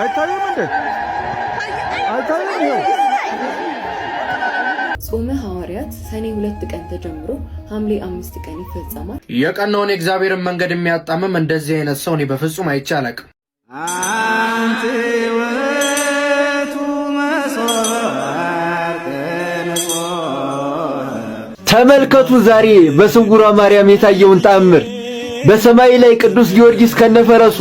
አይታየም እንዴ? አይታየም ይሄ ጾመ ሐዋርያት ሰኔ ሁለት ቀን ተጀምሮ ሐምሌ አምስት ቀን ይፈጸማል። የቀናውን የእግዚአብሔርን መንገድ የሚያጣምም እንደዚህ አይነት ሰው እኔ በፍጹም አይቼ አላቅም። ተመልከቱ ዛሬ በስውሯ ማርያም የታየውን ተአምር በሰማይ ላይ ቅዱስ ጊዮርጊስ ከነፈረሱ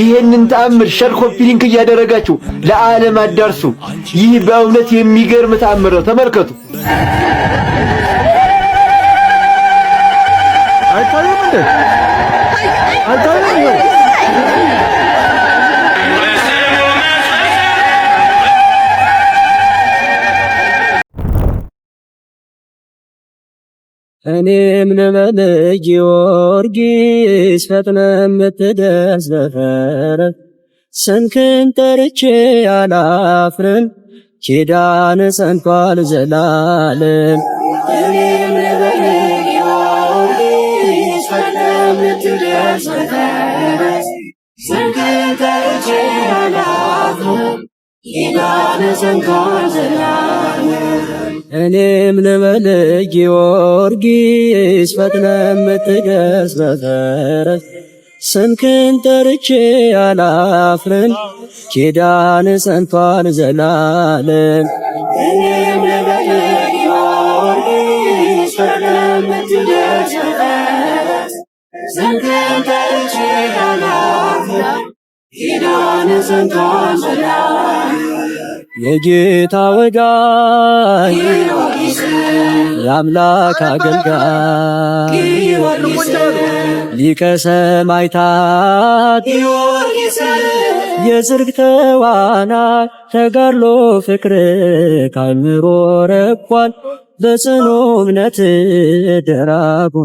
ይህንን ተአምር ሸር ኮፒ ሊንክ እያደረጋችሁ ለዓለም አዳርሱ። ይህ በእውነት የሚገርም ተአምር ነው። ተመልከቱ። አይታየም እንዴ? አይታየም እኔም ልበል ጊዮርጊስ ፈጥነ የምትደርስ ዘፈረ ስምህን ጠርቼ አላፍርም ኪዳን ጸንቷል ዘላለም። እኔም ልበል ጊዮርጊስ ፈጥነ የምትደርስ ዘፈረ ስምህን ጠርቼ አላፍርም እኔም ልበል ጊዮርጊስ ፈጥነህ ምትገስ በፈረስ ስምክን ጠርቼ አላፍርም ኪዳን ጸንቷል ዘላለም። እኔም ልበል ጊዮርጊስ ፈጥነህ ምትገስ በፈረስ ስምክን ጠርቼ አላፍርም ኪዳን ጸንቷል ዘላለም እኔም ልበል ጊዮርጊስ ፈጥነህ ዘላለም የጌታ ወጋይ የአምላክ አገልጋይ ሊቀ ሰማዕታት የጽድቅ ተዋናይ ተጋድሎ ፍቅር ከአእምሮ ረኳል በጽኑ እምነት ደራጉ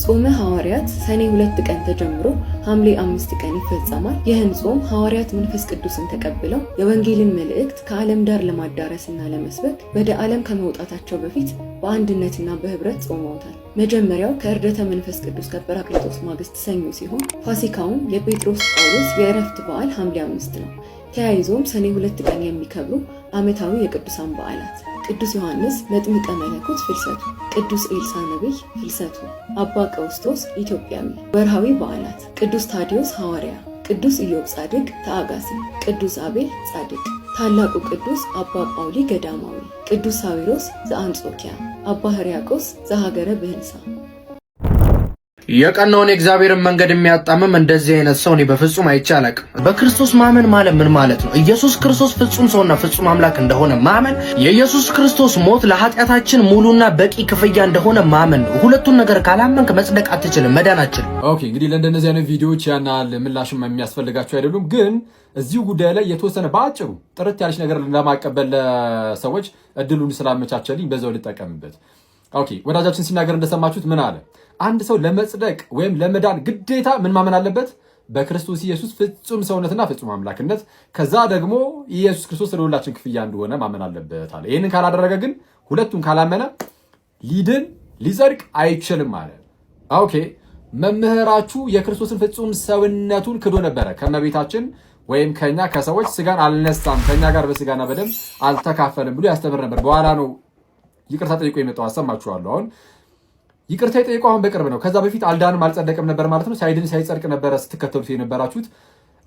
ጾመ ሐዋርያት ሰኔ ሁለት ቀን ተጀምሮ ሐምሌ አምስት ቀን ይፈጸማል። ይህን ጾም ሐዋርያት መንፈስ ቅዱስን ተቀብለው የወንጌልን መልእክት ከዓለም ዳር ለማዳረስና ለመስበክ ወደ ዓለም ከመውጣታቸው በፊት በአንድነትና በህብረት ጾመውታል። መጀመሪያው ከእርደተ መንፈስ ቅዱስ ከጰራቅሊጦስ ማግስት ሰኞ ሲሆን ፋሲካውም የጴጥሮስ ጳውሎስ የእረፍት በዓል ሐምሌ አምስት ነው። ተያይዞም ሰኔ ሁለት ቀን የሚከብሩ ዓመታዊ የቅዱሳን በዓላት ቅዱስ ዮሐንስ መጥምቀ መለኮት ፍልሰቱ፣ ቅዱስ ኤልሳ ነቢይ ፍልሰቱ፣ አባ ቀውስጦስ ኢትዮጵያዊ። ወርሃዊ በዓላት ቅዱስ ታዲዮስ ሐዋርያ፣ ቅዱስ ኢዮብ ጻድቅ ተአጋሲ፣ ቅዱስ አቤል ጻድቅ፣ ታላቁ ቅዱስ አባ ጳውሊ ገዳማዊ፣ ቅዱስ ሳዊሮስ ዘአንጾኪያ፣ አባ ሕርያቆስ ዘሀገረ ብህንሳ የቀናውን የእግዚአብሔርን መንገድ የሚያጣምም እንደዚህ አይነት ሰው እኔ በፍጹም አይቼ አላቅም። በክርስቶስ ማመን ማለት ምን ማለት ነው? ኢየሱስ ክርስቶስ ፍጹም ሰውና ፍጹም አምላክ እንደሆነ ማመን፣ የኢየሱስ ክርስቶስ ሞት ለኃጢአታችን ሙሉና በቂ ክፍያ እንደሆነ ማመን ነው። ሁለቱን ነገር ካላመንክ መጽደቅ አትችልም፣ መዳን አትችልም። ኦኬ፣ እንግዲህ ለእንደነዚህ አይነት ቪዲዮዎች ያናል ምላሽም የሚያስፈልጋቸው አይደሉም። ግን እዚሁ ጉዳይ ላይ የተወሰነ በአጭሩ ጥርት ያለች ነገር ለማቀበል ለሰዎች እድሉን ስላመቻቸልኝ በዛው ልጠቀምበት ኦኬ ወዳጃችን ሲናገር እንደሰማችሁት ምን አለ? አንድ ሰው ለመጽደቅ ወይም ለመዳን ግዴታ ምን ማመን አለበት? በክርስቶስ ኢየሱስ ፍጹም ሰውነትና ፍጹም አምላክነት ከዛ ደግሞ ኢየሱስ ክርስቶስ ለሁላችን ክፍያ እንደሆነ ማመን አለበት አለ። ይህንን ካላደረገ ግን ሁለቱን ካላመነ ሊድን ሊጸድቅ አይችልም አለ። ኦኬ መምህራችሁ የክርስቶስን ፍጹም ሰውነቱን ክዶ ነበረ። ከመቤታችን ወይም ከኛ ከሰዎች ስጋን አልነሳም ከኛ ጋር በስጋና በደም አልተካፈልም ብሎ ያስተምር ነበር። በኋላ ነው ይቅርታ ጠይቆ የመጣው አሰማችኋለሁ። አሁን ይቅርታ የጠይቆ አሁን በቅርብ ነው። ከዛ በፊት አልዳንም አልጸደቅም ነበር ማለት ነው። ሳይድን ሳይጸድቅ ነበረ ስትከተሉት የነበራችሁት።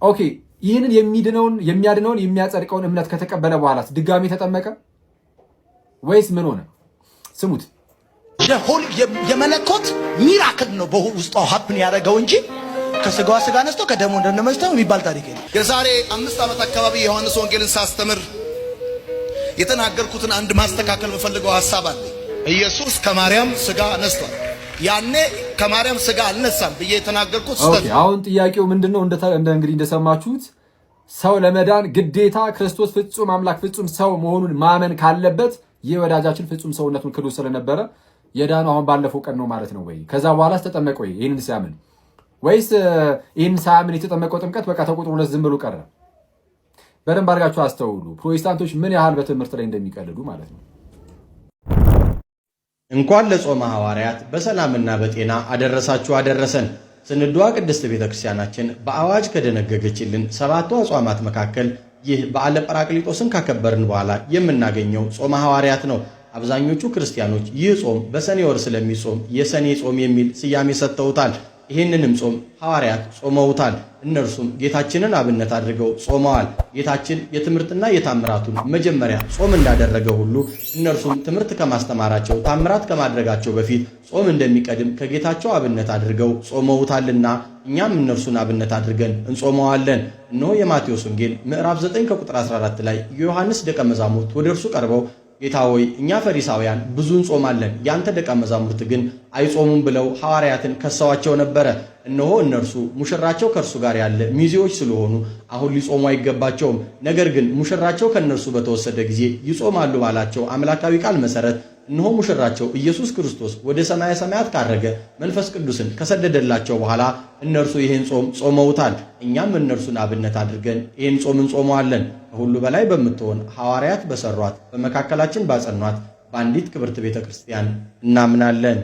ኦኬ ይህንን የሚድነውን የሚያድነውን የሚያጸድቀውን እምነት ከተቀበለ በኋላ ድጋሚ ተጠመቀ ወይስ ምን ሆነ? ስሙት። የመለኮት ሚራክል ነው በውስጧ ሀፕን ያደረገው እንጂ ከስጋዋ ስጋ አነስቶ ከደሞ እንደነመስተው የሚባል ታሪክ የዛሬ አምስት ዓመት አካባቢ የዮሐንስ ወንጌልን ሳስተምር የተናገርኩትን አንድ ማስተካከል የምፈልገው ሐሳብ አለ። ኢየሱስ ከማርያም ስጋ ነስቷል። ያኔ ከማርያም ስጋ አልነሳም ብዬ የተናገርኩት ስህተት። አሁን ጥያቄው ምንድነው? እንደ እንግዲህ እንደሰማችሁት ሰው ለመዳን ግዴታ ክርስቶስ ፍጹም አምላክ ፍጹም ሰው መሆኑን ማመን ካለበት ይህ ወዳጃችን ፍጹም ሰውነቱን ክዶ ስለነበረ የዳኑ አሁን ባለፈው ቀን ነው ማለት ነው ወይ? ከዛ በኋላ ተጠመቀ ወይ? ይህንን ሲያምን ወይስ ይህን ሳያምን የተጠመቀው ጥምቀት በቃ ተቆጥሮለት ዝም ብሎ ቀረ? በደንብ አድርጋችሁ አስተውሉ። ፕሮቴስታንቶች ምን ያህል በትምህርት ላይ እንደሚቀልዱ ማለት ነው። እንኳን ለጾመ ሐዋርያት በሰላምና በጤና አደረሳችሁ አደረሰን። ስንዷ ቅድስት ቤተ ክርስቲያናችን በአዋጅ ከደነገገችልን ሰባቱ አጽዋማት መካከል ይህ በዓለ ጰራቅሊጦስን ካከበርን በኋላ የምናገኘው ጾመ ሐዋርያት ነው። አብዛኞቹ ክርስቲያኖች ይህ ጾም በሰኔ ወር ስለሚጾም የሰኔ ጾም የሚል ስያሜ ሰጥተውታል። ይህንንም ጾም ሐዋርያት ጾመውታል። እነርሱም ጌታችንን አብነት አድርገው ጾመዋል። ጌታችን የትምህርትና የታምራቱን መጀመሪያ ጾም እንዳደረገ ሁሉ እነርሱም ትምህርት ከማስተማራቸው ታምራት ከማድረጋቸው በፊት ጾም እንደሚቀድም ከጌታቸው አብነት አድርገው ጾመውታልና እኛም እነርሱን አብነት አድርገን እንጾመዋለን። እነሆ የማቴዎስ ወንጌል ምዕራፍ 9 ከቁጥር 14 ላይ የዮሐንስ ደቀ መዛሙርት ወደ እርሱ ቀርበው ጌታ ሆይ እኛ ፈሪሳውያን ብዙ እንጾማለን፣ ያንተ ደቀ መዛሙርት ግን አይጾሙም ብለው ሐዋርያትን ከሰዋቸው ነበረ። እነሆ እነርሱ ሙሽራቸው ከእርሱ ጋር ያለ ሚዜዎች ስለሆኑ አሁን ሊጾሙ አይገባቸውም። ነገር ግን ሙሽራቸው ከእነርሱ በተወሰደ ጊዜ ይጾማሉ ባላቸው አምላካዊ ቃል መሠረት እነሆ ሙሽራቸው ኢየሱስ ክርስቶስ ወደ ሰማያ ሰማያት ካረገ መንፈስ ቅዱስን ከሰደደላቸው በኋላ እነርሱ ይህን ጾም ጾመውታል። እኛም እነርሱን አብነት አድርገን ይህን ጾም እንጾመዋለን። ከሁሉ በላይ በምትሆን ሐዋርያት በሰሯት በመካከላችን ባጸኗት በአንዲት ክብርት ቤተ ክርስቲያን እናምናለን።